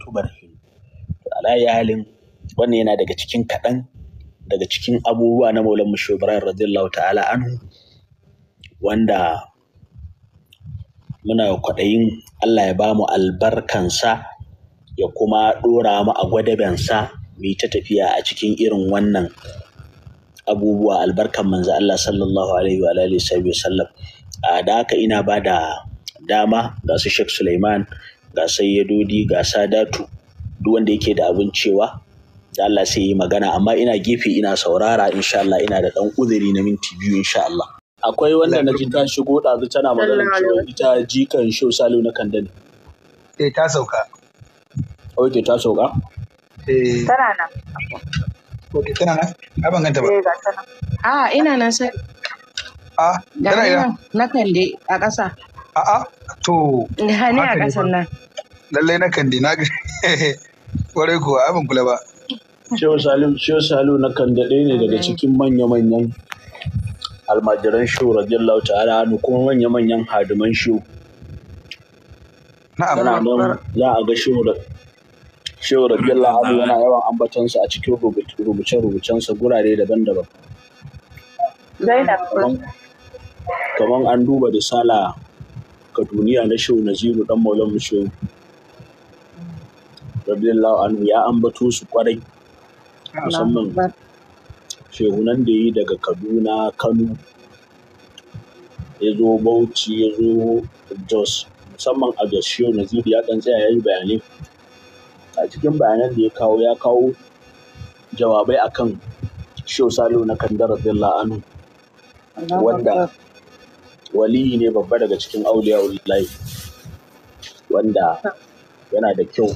tubarhin ala halin wannan yana daga cikin kaɗan daga cikin abubuwa na maulan mu shubran ta'ala anhu wanda muna kwaɗayin Allah ya ba mu albarkansa ya kuma ɗora mu a gwadabensa mu ta tafiya a cikin irin wannan abubuwa albarkan manzo Allah sallallahu alaihi wa alihi a da haka ina ba da dama ga su Sheikh Suleiman ga sayyadodi ga sadatu duk wanda yake da abin cewa da Allah sai yi magana amma ina gefe ina saurara insha Allah ina da dan uzuri na minti biyu insha Allah akwai wanda na ji ta shigo ɗazu tana magana cewa ita jikan sho salo na kandani eh ta sauka okay, ta sauka eh tana nan oke tana nan ai ban ganta ba eh ga tana a ah, ina nan sai ah tana ina na kande a ƙasa A'a, to. ne a kasan nan. Lallai na kandi na kwarai kuwa abin kula ba. Shehu Salu na kandade ne daga cikin manya-manyan almajiran shehu Lauta, ala hannu kuma manya-manyan hadiman shehu. Na nan za a ga shehu Shehu radiyallahu anhu yana yawan ambatansa a cikin rubuce-rubucensa gurare daban-daban. Zainab. an duba da sala Kaduniya na shehu naziru dan maulan shehu radiyallahu anhu ya ambato su kwarai musamman Shehu, nan da yi daga kaduna kano ya zo bauchi ya zo jos musamman a jos shehu naziru ya dan tsaya ya yi bayanai a cikin bayanan da ya kawo ya kawo jawabai akan shehu salihu na kandar radiyallahu anhu wanda waliyi ne babba daga cikin auliya layi wanda yana da kyau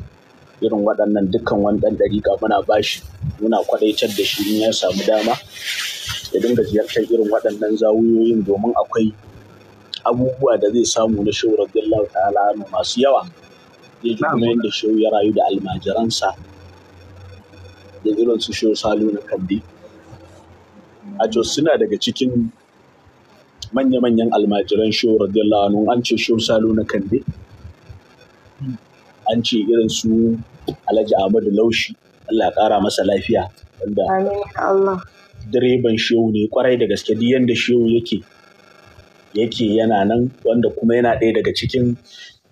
irin waɗannan dukkan wani ɗan ɗariƙa muna bashi muna kwaɗaitar da shi in ya samu dama ya dinga ziyartar irin waɗannan zawuyoyin domin akwai abubuwa da zai samu na shehu radiyallahu ta'ala masu yawa zai ji kuma yadda shehu ya rayu da almajiransa da irin su shehu salu na kandi a jos suna daga cikin manya-manyan almajiran sho radiyallahu anhu an ce sho salo na kande an ce irin su alhaji ahmadu laushi allah ya kara masa lafiya wanda direban shehu ne kwarai da gaske duk yanda shehu yake yake yana nan wanda kuma yana ɗaya daga cikin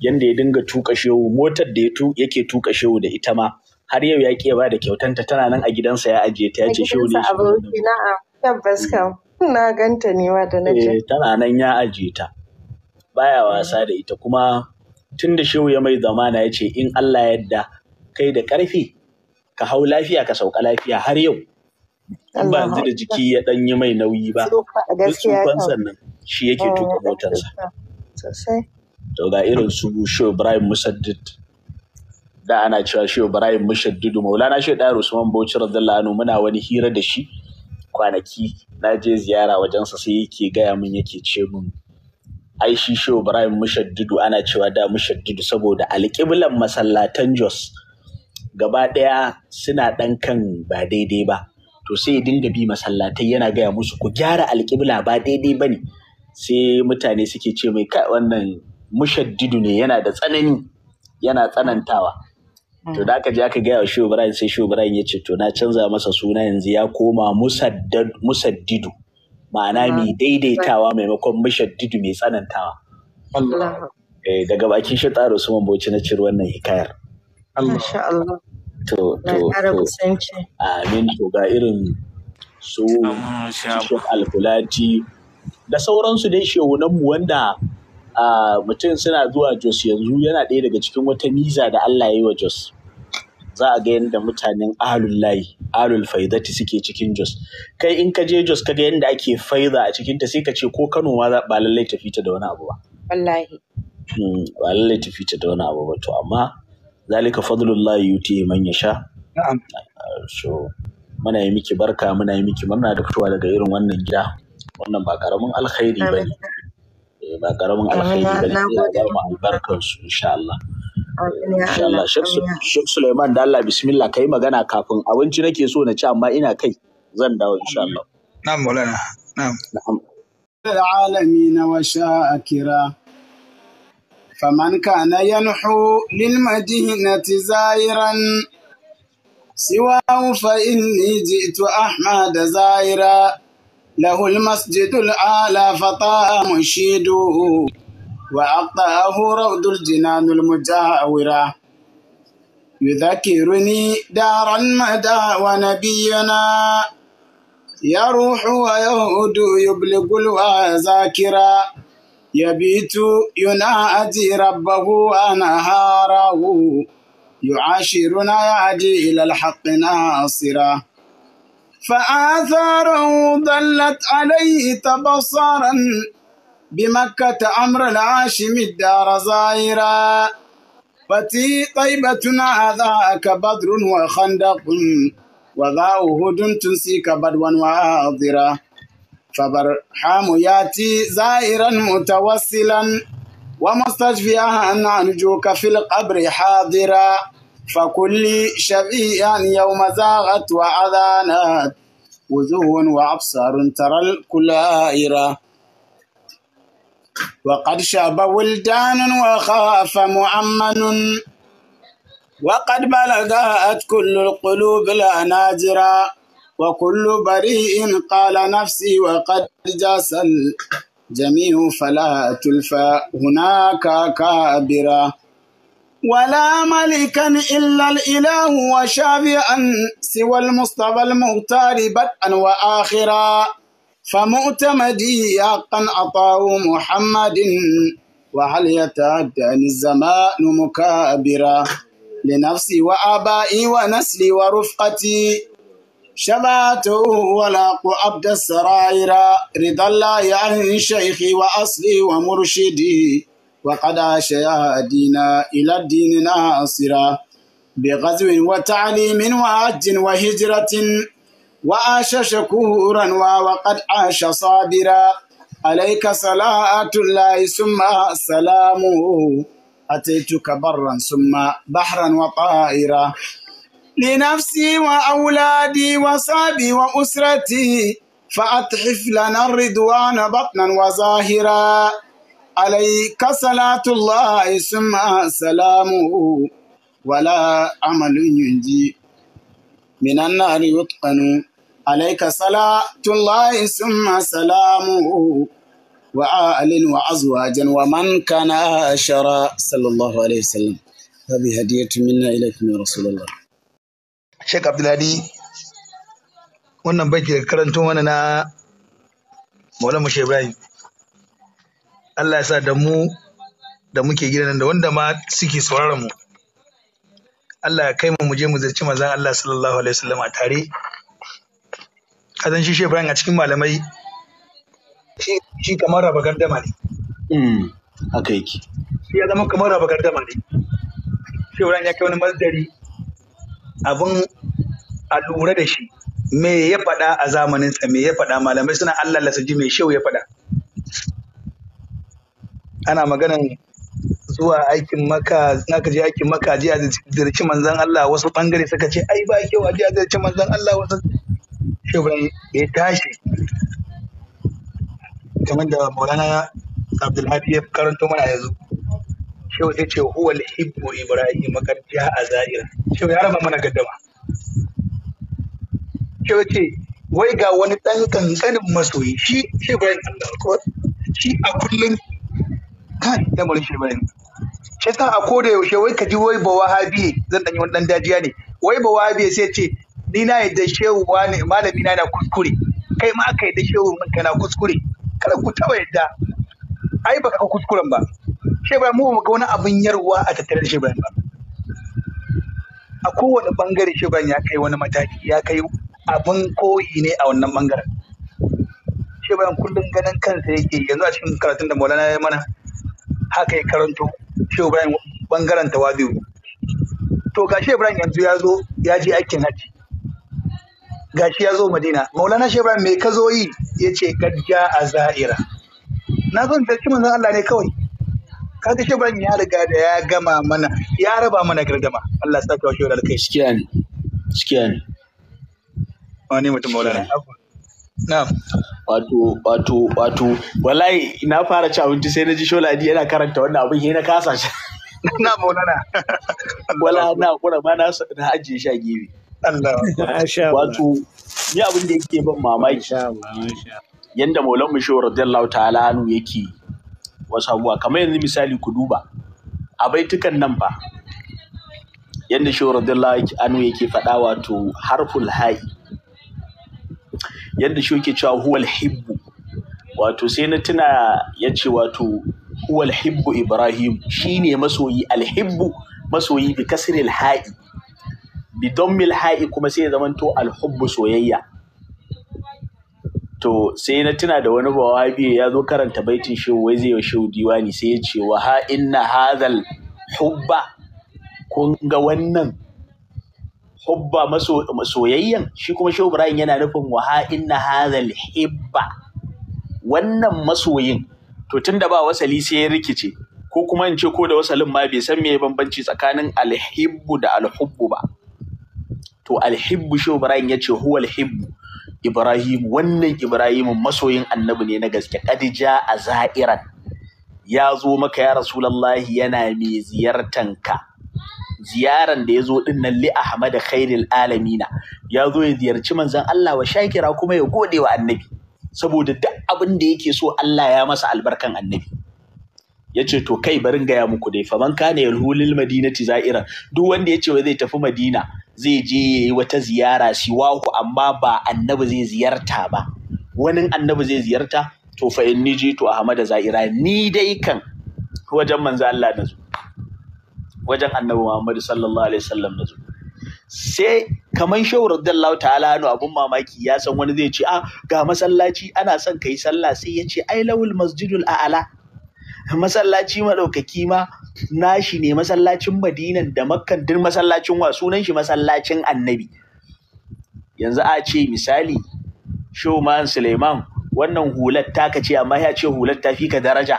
yanda ya dinga tuka shehu motar da yake tuka shehu da ita ma har yau ya ba da kyautanta tana nan a gidansa ya ajiye ta ya ce shehu ne shi tabbas kam Na ganta ne ma da nace. Eh, tana nan ya aje ta. Baya wasa da ita kuma tun da shehu ya mai zamana ya ce in Allah yadda kai da ƙarfi ka hau lafiya ka sauka lafiya har yau. In ba yanzu da jiki ya ɗan yi mai nauyi ba. Duk tsufan sannan shi yake tuka oh, motarsa. Sosai. To ga irin su Shehu Ibrahim Musaddid da ana cewa Shehu Ibrahim Mushaddidu Maulana Shehu Ɗayar Usman Bauchi radiyallahu anhu muna wani hira da shi. kwanaki na je ziyara wajensa sai yake gaya min yake ce mun ai shi shehu Ibrahim Mushaddidu ana cewa da Mushaddidu saboda alƙiblan masallatan Jos gaba ɗaya suna ɗan kan ba daidai ba to sai ya dinga bi masallatai yana gaya musu ku gyara alƙibla ba daidai ba ne sai mutane suke ce mai wannan mushaddidu ne yana da tsanani yana tsanantawa to da aka je aka gaya wa shehu sai shehu ya ce to na canza masa suna yanzu ya koma musaddidu ma'ana mai daidaitawa maimakon mashaddidu mai tsanantawa eh, daga bakin shi tsaro su bauchi na cire wannan hikayar Allah. To, to, amin to ga irin su alfulati da sauransu dai shehunanmu wanda mutum suna zuwa Jos yanzu yana ɗaya daga cikin wata miza da Allah ya yi wa Jos. Za a ga yadda mutanen alul layi, alul faidati suke cikin Jos. Kai in ka je Jos ka ga yadda ake faida a cikinta sai ka ce ko Kano ma ba lallai tafi ta da wani abu ba. Wallahi. Hmm, ba lallai tafi ta da wani abu ba to amma zalika layi yuti man ya sha. So muna yi miki barka muna yi miki murna da fitowa daga irin wannan gida. Wannan ba karamin alkhairi ba ne. Eh, ba karamin alkhairi ba ne ya ba mu albarkar su insha Allah insha Allah Sheikh Suleiman da Allah bismillah kai magana kafin abinci nake so na ci amma ina kai zan dawo insha Allah na'am maulana na'am العالمين وشاكرا فمن كان ينحو للمدينة زائرا سواه فإني جئت أحمد زائرا له المسجد الأعلى فطاء منشده وأقطعه روض الجنان المجاورة يذكرني دار المدى ونبينا يروح ويهود يبلغ الوازاكرا يبيت ينادي ربه ونهاره يعاشرنا يهدي إلى الحق ناصرا فآثاره دلت عليه تبصرا بمكة أمر العاشم الدار زائرا فتي طيبة ذاك بدر وخندق وذا أهد تنسيك بدوا وآضرا فبرحام ياتي زائرا متوسلا ومستشفيا أن أرجوك في القبر حاضرا فكل شبيع يوم زاغت وأذانت وجوه وأبصار ترى الكلائر وقد شاب ولدان وخاف مؤمن وقد بلغت كل القلوب الأناجرا وكل بريء قال نفسي وقد جاس الجميع فلا تلفى هناك كابرا ولا ملكا إلا الإله وشافعا سوى المصطفى المغتار بدءا وآخرا فمؤتمدي حقا أطاه محمد وهل يتعدى الزمان مكابرا لنفسي وآبائي ونسلي ورفقتي شبعته ولا أبد السرائر رضا الله عن شيخي وأصلي ومرشدي وقد أشياء دينا إلى الدين ناصرا بغزو وتعليم وحج وهجرة وعاش شكورا وقد عاش صابرا عليك صلاة الله ثم سلامه أتيتك برا ثم بحرا وطائرا لنفسي وأولادي وصابي وأسرتي فأتحف لنا الرضوان بطنا وظاهرا عليك صلاة الله ثم سلامه ولا عمل ينجي من النار يتقن عليك صلاة الله ثم سلامه وآل وأزواجا ومن كان أشرا صلى الله عليه وسلم هذه هدية منا إليكم يا رسول الله شيخ عبد الهادي wannan baiki da karanto mana na Maulana Mushe Ibrahim Allah ya sa da mu da muke gidan da wanda ma suke sauraron mu Allah ya kai mu mu je mu zaci manzon Allah sallallahu alaihi wasallam a tare kazan shi Shehu Ibrahim a cikin malamai shi shi kamar raba gardama ne mm haka yake shi ya zama kamar raba gardama ne Shehu Ibrahim ya kai wani masdari abun a lura da shi me ya faɗa a zamaninsa me ya faɗa malamai suna Allah lasa ji me shehu ya faɗa ana maganan zuwa aikin maka na ka je aikin maka je a zirci manzan Allah wasu bangare suka ce ai ba kyau a jiya a zirci manzan Allah wasu shebran ya tashi kamar da Maulana Abdulhafi ya karanto mana yanzu shehu sai ce huwa hibbu Ibrahim kad a za'ira shehu ya raba mana gaddama shehu ce wai ga wani dan kankanin masoyi shi shehu Ibrahim Allah shi a kullum da lamarin shi bane shi sa a koda yaushe wai ka ji wai ba wahabi zan danyi wani dan dajiya ne wai ba wahabi sai ce ni na yadda shehu wani malami na na kuskure kai ma aka yadda shehu mun kana kuskure kada ku taba yadda ai baka kuskuren ba shi ba mu ga wani abin yarwa a tattare da shi ba a kowane bangare shi ya kai wani mataki ya kai abin koyi ne a wannan bangaren shi bayan kullum ganin kansa yake yanzu a cikin karatun da maulana ya mana haka ya karanto shehu ibrahim bangaren tawadi'u to gashi ibrahim yanzu ya zo ya je aikin hajji shi ya zo madina maulana shehu ibrahim me ka zo yi ya ce gajja a za'ira na zo da shi manzon allah ne kawai Ka ga shehu ibrahim ya riga da ya gama mana ya raba mana gargama allah sa kawo shehu alkai gaskiya ne gaskiya ne wani mutum maulana na'am wato wato wato wallahi na fara ci abinci sai na ji shola di yana karanta wannan abin yana kasa shi na maulana wala na kura ma na ajiye shi a Allah wato ni abin da yake ban mamaki yanda maulan mu shehu radiyallahu ta'ala anu yake wasu abubuwa kamar yanzu misali ku duba a baitukan nan fa yanda shehu radiyallahu anu yake faɗa wato harful ha'i yadda shi yake cewa huwal hibbu wato sai na tuna ya ce wato huwal hibbu ibrahim shine masoyi alhibbu masoyi bi kasril ha'i bi dammil ha'i kuma sai ya zamanto alhubbu soyayya to sai na tuna da wani bawabi ya zo karanta baitin shi wai zai wa shehu diwani sai ya ce wa ha inna hadhal hubba kun ga wannan hubba masoyayyan shi kuma shehu ibrahim yana nufin wa ha inna hadhal hibba wannan masoyin to tunda ba wasali sai ya rikice ko kuma in ce ko da wasalin ma bai san me bambanci tsakanin alhibbu da alhubbu ba to alhibbu shehu ibrahim ya ce huwa alhibbu ibrahim wannan ibrahim masoyin annabi ne na gaske kadija a za'iran ya zo maka ya rasulallahi yana mai ziyartanka ziyaran da ya zo din nan li Ahmad Khairul alamina ya zo ya ziyarci manzon Allah wa shakira kuma ya gode wa annabi saboda duk abin da yake so Allah ya masa albarkan annabi ya ce to kai barin gaya muku dai faman kana yalhulil madinati Zaira. duk wanda ya ce zai tafi madina zai je ya yi wata ziyara siwaku amma ba annabi zai ziyarta ba wani annabi zai ziyarta to fa in ni je to ahmada za'ira ni dai kan wajen manzo Allah na zo wajen annabi Muhammadu sallallahu alaihi wasallam na zuwa sai kamar shehu radiyallahu ta'ala no abun mamaki ya san wani zai ce a ga masallaci ana son kai sallah sai ya ce ai lawul masjidul a'ala masallaci maɗaukaki ma nashi ne masallacin madinan da makkan din masallacin wa sunan shi masallacin annabi yanzu a ce misali Shoman suleiman wannan hular ka ce amma ya ce hular ta fi ka daraja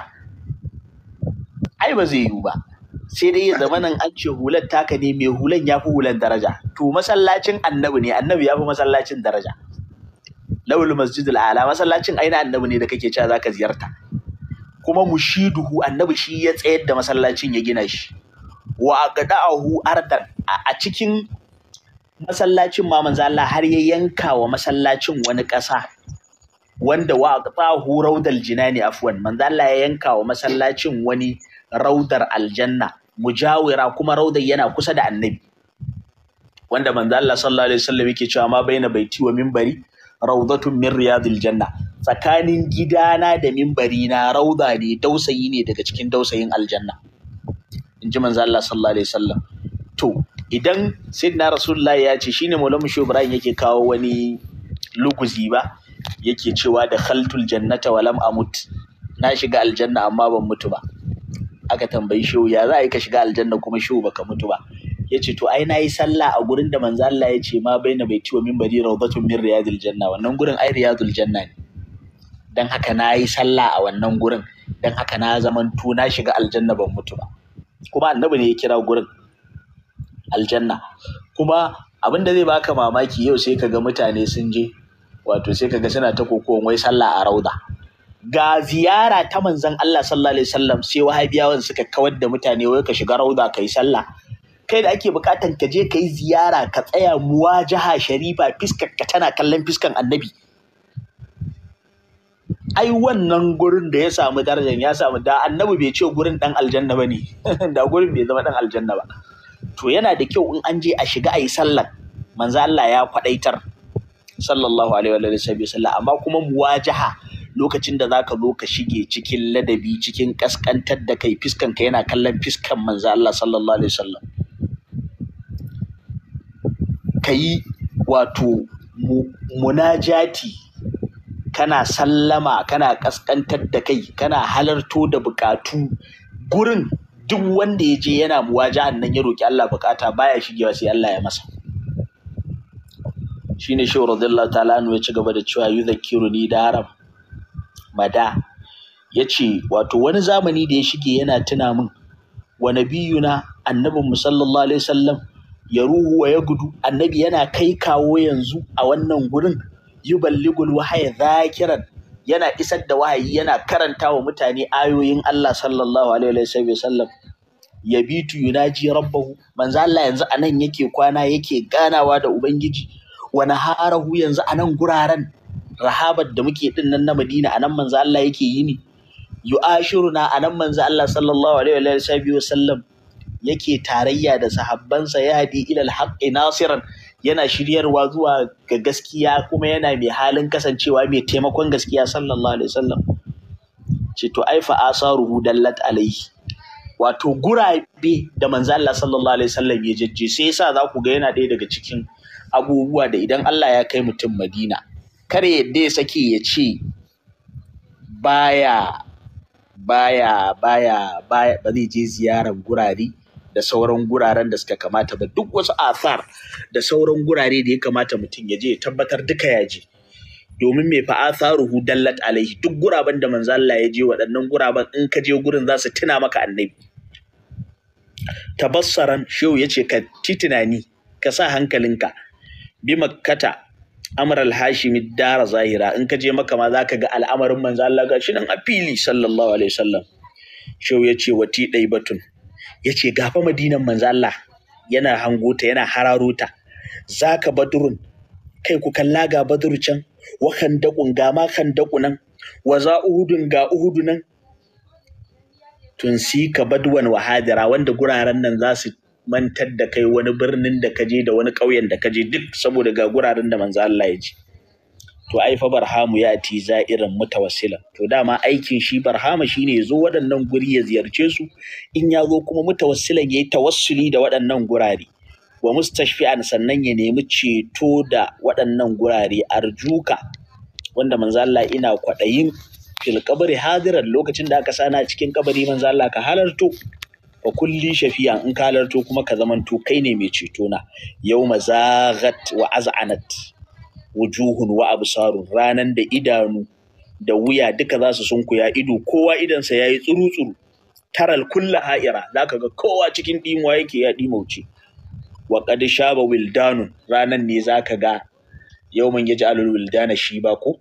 ai ba zai yiwu ba sai dai zamanin an ce hular taka ne mai hulan ya fi hulan daraja to masallacin annabi ne annabi ya fi masallacin daraja lawul masjidul ala masallacin aina annabi ne da kake cewa zaka ziyarta kuma mushiduhu annabi shi ya tsayar da masallacin ya gina shi wa aqda'ahu ardan a cikin masallacin ma manzo har ya yanka wa masallacin wani ƙasa wanda wa raudar jina ne afwan manzo Allah ya yanka wa masallacin wani raudar aljanna mujawira kuma raudar yana kusa da annabi wanda manzo Allah sallallahu alaihi wasallam yake cewa ma baina baiti wa minbari raudatun min riyadil janna tsakanin gidana da mimbari na rauda ne dausayi ne daga cikin dausayin aljanna Inji ji manzo Allah sallallahu alaihi wasallam to idan sayyidina rasulullahi ya ce shine maulamu shu ibrahim yake kawo wani luguzi ba yake cewa da khaltul jannata walam amut na shiga aljanna amma ban mutu ba aka tambayi shehu ya za a yi ka shiga aljanna kuma shehu baka mutu ba ya ce to ai na yi sallah a gurin da manzo Allah ya ce ma baina bai ciwo min bari rawdatun min riyadil janna wannan gurin ai riyadul janna ne dan haka na yi sallah a wannan gurin dan haka na zaman to na shiga aljanna ban mutu ba kuma annabi ne ya kira gurin aljanna kuma abin da zai baka mamaki yau sai ka ga mutane sun je wato sai kaga suna ta kokowar wai sallah a rauda ga ziyara ta manzon Allah sallallahu alaihi wasallam sai wahabiyawan suka kawar da mutane wai ka shiga rauda kai sallah kai da ake bukatan ka je kai ziyara ka tsaya muwajaha sharifa fiskar ka tana kallon fiskan annabi ai wannan gurin da ya samu darajar ya samu da annabi bai ce gurin dan aljanna ba ne da gurin bai zama dan aljanna ba to yana da kyau in an je a shiga ayi yi sallar manzo Allah ya kwadaitar sallallahu alaihi wa sallam amma kuma muwajaha lokacin da zaka zo ka shige cikin ladabi cikin kaskantar da kai fiskan ka yana kallon fiskan manzo Allah sallallahu alaihi wa sallam wato munajati kana sallama kana kaskantar da kai kana halarto da bukatu gurin duk wanda ya je yana muwajahan nan ya roki Allah bukata baya shigewa sai Allah ya masa shine shehu radiyallahu ta'ala anhu ya ci gaba da cewa "Yi da haram?" mada ce, wato wani zamani da ya shige yana tuna min wa nabiyuna annabin mu sallallahu alaihi ya ruhu wa ya gudu annabi yana kai kawo yanzu a wannan gurin Yi yuballigul wahaya zakiran yana isar da wahayi yana karanta wa mutane ayoyin Allah sallallahu alaihi wasallam ya bitu yunaji rabbahu manzo Allah yanzu anan yake kwana yake ganawa da ubangiji wani harahu yanzu a nan guraren rahabar da muke din nan na Madina a nan manzo Allah yake yi ne yu'ashiruna a nan manzo Allah sallallahu alaihi wa sallam yake tarayya da sahabbansa ya hadi ilal haqqi nasiran yana shiryarwa zuwa ga gaskiya kuma yana mai halin kasancewa mai taimakon gaskiya sallallahu alaihi wasallam ce to ai fa asaruhu dallat alaihi wato gurabe da manzo Allah sallallahu alaihi wasallam ya jajje sai yasa za ku ga yana ɗaya daga cikin abubuwa da idan Allah ya kai mutum Madina kar yadda ya sake ya ce baya baya baya baya ba zai je ziyarar gurare da sauran guraren da suka kamata ba duk wasu asar da sauran gurare da ya kamata mutum ya je ya tabbatar duka ya je domin mai fa atharuhu dallat alaihi duk guraben da manzo Allah ya je waɗannan guraben in ka je gurin za su tuna maka annabi tabassaran shehu ya ce ka tunani ka sa hankalinka bi makkata amr al-hashimi dara zahira in ka je maka ma zaka ga al'amarin manzo Allah ga shi nan a fili sallallahu alaihi wasallam shau yace wati dai batun yace gafa madinan manzo Allah yana hangota yana hararota zaka badrun kai ku kalla ga baduru can wa khandaqun ga ma kandakunan wa za uhudun ga uhudunan tun si ka badwan hadira wanda guraren nan za su mantar da kai wani birnin da kaje da wani ƙauyen da ka je duk saboda ga guraren da manzo Allah ya ji to ai fa barhamu ya ti za'irin mutawassila to dama aikin shi barhama shine ya zo waɗannan guri ya ziyarce su in ya zo kuma mutawassilan yayi tawassuli da waɗannan gurare wa mustashfi'an sannan ya nemi ceto da waɗannan gurare arjuka wanda manzo Allah ina kwaɗayin fil kabari hadiran lokacin da aka sana cikin kabari manzo Allah ka halarto Ba kulli shafiya in ka halarto kuma ka zamanto kai ne mai ceto na yawma zaghat wa az'anat wujuhun wa absarun ranan da idanu da wuya duka za su sunkuya ido kowa sa yayi tsuru tsuru taral kulla ha'ira zaka ga kowa cikin dimuwa yake ya dimauce wa qad shaba wildanun ranan ne zaka ga yawman yaj'alul wildana shiba ko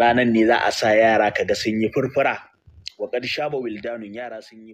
ranan ne za a sa yara kaga sun yi furfura wa qad shaba wildanun yara sun yi